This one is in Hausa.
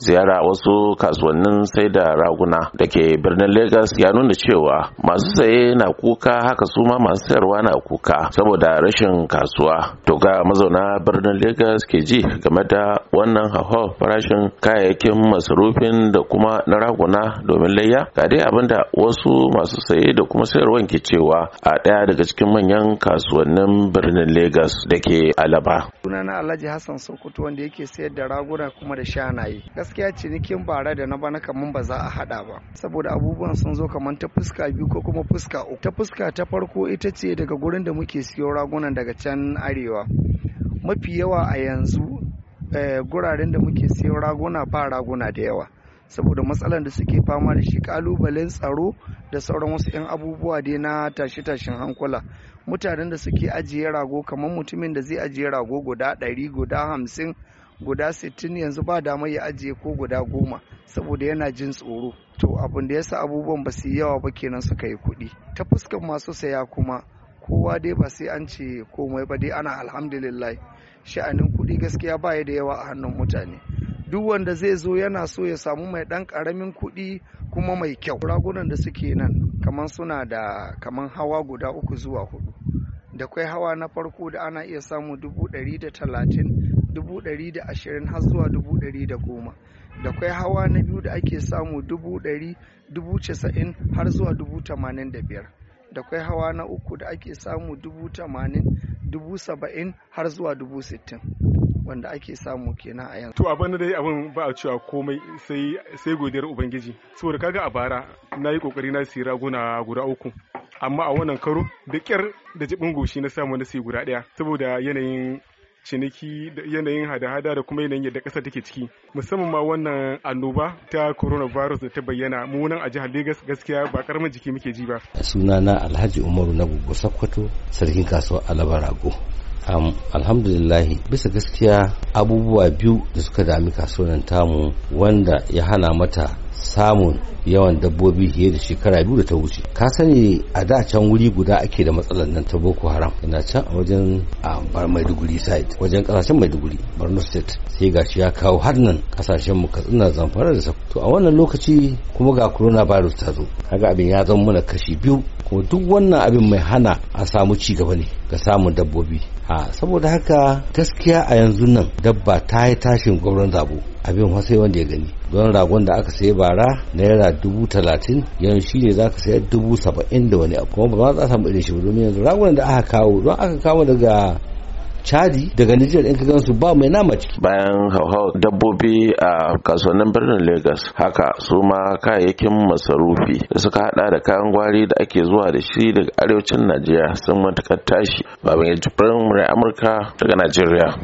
ziyara wasu kasuwannin sai da raguna da ke birnin Legas ya nuna cewa masu saye na kuka haka su ma masu sayarwa na kuka saboda rashin kasuwa. To ga mazauna birnin Legas ke ji game da wannan hauhawar farashin kayayyakin masarufin da kuma na raguna domin layya ga dai abin da wasu masu saye da kuma sayarwan ke cewa a ɗaya daga cikin manyan kasuwannin birnin Legas da ke Alaba. Sunana Alhaji Hassan Sokoto wanda yake sayar da raguna kuma da shanaye. gaskiya cinikin bara da na bana kaman ba za a hada ba saboda abubuwan sun zo kamar ta fuska biyu ko kuma fuska uku ta fuska ta farko ita ce daga gurin da muke siyo ragunan daga can arewa mafi yawa a yanzu eh, guraren da muke siyo raguna ba raguna da yawa saboda matsalar da suke fama da shi kalubalen tsaro da sauran wasu 'yan abubuwa dai na tashe-tashen hankula mutanen da suke ajiye rago kamar mutumin da zai ajiye rago guda ɗari guda hamsin guda sittin yanzu ba dama ya ajiye ko guda goma saboda yana jin tsoro to abin da yasa abubuwan ba su yi yawa ba kenan suka yi kuɗi ta fuskan masu saya kuma kowa dai ba sai an ce komai ba dai ana alhamdulillah sha'anin kuɗi gaskiya ba ya da yawa a hannun mutane duk wanda zai zo yana so ya samu mai ɗan ƙaramin kuɗi kuma mai kyau ragunan da suke nan kamar suna da kamar hawa guda uku zuwa hudu da kwai hawa na farko da ana iya samu dubu ɗari da talatin 120 har zuwa 110 da kwai hawa na biyu da ake samu 100 90 har zuwa 85 da kwai hawa na uku da ake samu 80 70 har zuwa 60 wanda ake samu kenan a yanzu. To abin da dai abin ba a cewa komai sai godiyar ubangiji saboda kaga a bara na yi kokari na siya raguna guda uku amma a wannan karo da kyar da jibin goshi na samu na siya guda daya saboda yanayin ciniki da yanayin hada-hada da kuma yanayin yadda ƙasa take ciki musamman ma wannan annoba ta coronavirus da ta bayyana mu a jihar Legas gaskiya ba karamin jiki muke ji ba sunana Alhaji Umaru na Gugu Sokoto, sarkin kasuwar Alabarago um, Alhamdulillah bisa gaskiya abubuwa biyu da suka dami kasuwar tamu wanda ya hana mata samun yawan dabbobi fiye da shekara biyu da ta wuce ka sani a da can wuri guda ake da matsalar nan ta boko haram yana can a wajen a bar maiduguri side wajen kasashen maiduguri borno state sai ga shi ya kawo har nan kasashen mu katsina zamfara da to a wannan lokaci kuma ga corona virus ta zo kaga abin ya zama mana kashi biyu kuma duk wannan abin mai hana a samu ci gaba ne ga samun dabbobi a saboda haka gaskiya a yanzu nan dabba ta yi tashin gwamnan zabo abin wasai wanda ya gani don ragon da aka sayi bara naira dubu talatin yanzu shi ne za ka sayar dubu saba'in da wani abu kuma ba za a samu irin shi domin yanzu ragon da aka kawo don aka kawo daga chadi daga nijar in ka gansu ba mai nama ciki bayan hauhau dabbobi a kasuwannin birnin lagos haka su ma kayayyakin masarufi da suka hada da kayan gwari da ake zuwa da shi daga arewacin najeriya sun matukar tashi babban ya jibirin amurka daga najeriya